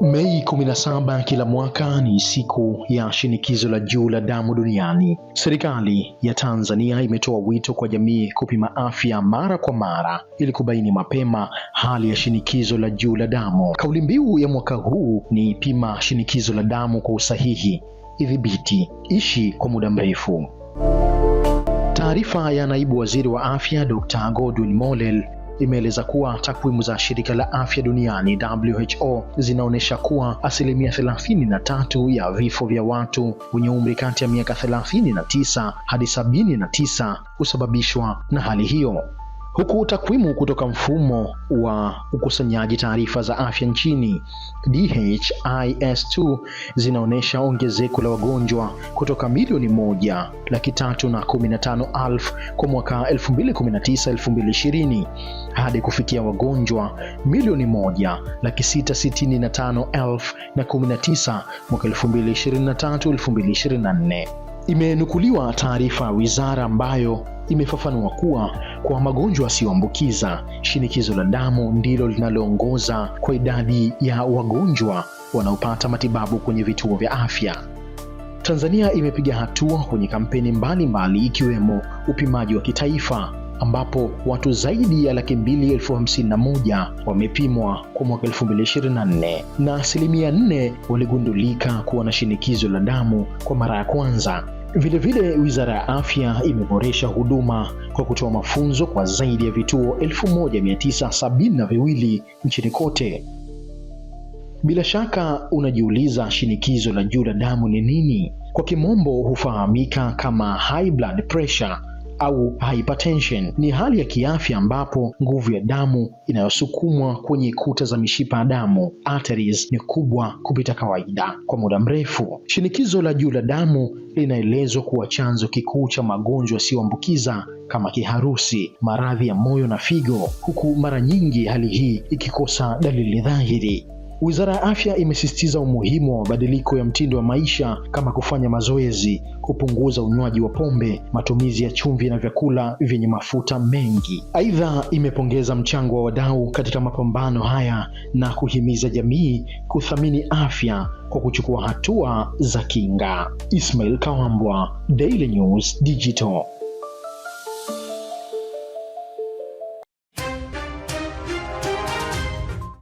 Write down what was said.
Mei 17 kila mwaka ni siku ya shinikizo la juu la damu duniani. Serikali ya Tanzania imetoa wito kwa jamii kupima afya mara kwa mara ili kubaini mapema hali ya shinikizo la juu la damu. Kauli mbiu ya mwaka huu ni pima shinikizo la damu kwa usahihi, idhibiti, ishi kwa muda mrefu. Taarifa ya naibu waziri wa afya Dr. Godwin Mollel imeeleza kuwa takwimu za shirika la afya duniani WHO zinaonyesha kuwa asilimia 33 ya vifo vya watu wenye umri kati ya miaka 39 hadi 79 husababishwa na hali hiyo. Huku takwimu kutoka mfumo wa ukusanyaji taarifa za afya nchini DHIS2 zinaonyesha ongezeko la wagonjwa kutoka milioni moja laki tatu na kumi na tano elfu kwa mwaka 2019-2020 hadi kufikia wagonjwa milioni moja laki sita sitini na tano elfu na kumi na tisa mwaka 2023-2024. Imenukuliwa taarifa ya wizara ambayo imefafanua kuwa kwa magonjwa yasiyoambukiza, shinikizo la damu ndilo linaloongoza kwa idadi ya wagonjwa wanaopata matibabu kwenye vituo vya afya. Tanzania imepiga hatua kwenye kampeni mbalimbali ikiwemo upimaji wa kitaifa ambapo watu zaidi ya laki mbili elfu hamsini na moja wamepimwa kwa mwaka 2024 na asilimia nne waligundulika kuwa na shinikizo la damu kwa mara ya kwanza. Vilevile, Wizara ya Afya imeboresha huduma kwa kutoa mafunzo kwa zaidi ya vituo 1972 nchini kote. Bila shaka unajiuliza shinikizo la juu la damu ni nini? Kwa kimombo hufahamika kama high blood pressure au hypertension ni hali ya kiafya ambapo nguvu ya damu inayosukumwa kwenye kuta za mishipa ya damu arteries, ni kubwa kupita kawaida kwa muda mrefu. Shinikizo la juu la damu linaelezwa kuwa chanzo kikuu cha magonjwa yasiyoambukiza kama kiharusi, maradhi ya moyo na figo, huku mara nyingi hali hii ikikosa dalili dhahiri. Wizara ya Afya imesisitiza umuhimu wa mabadiliko ya mtindo wa maisha kama kufanya mazoezi, kupunguza unywaji wa pombe, matumizi ya chumvi na vyakula vyenye mafuta mengi. Aidha, imepongeza mchango wa wadau katika mapambano haya na kuhimiza jamii kuthamini afya kwa kuchukua hatua za kinga. Ismail Kawambwa, Daily News Digital.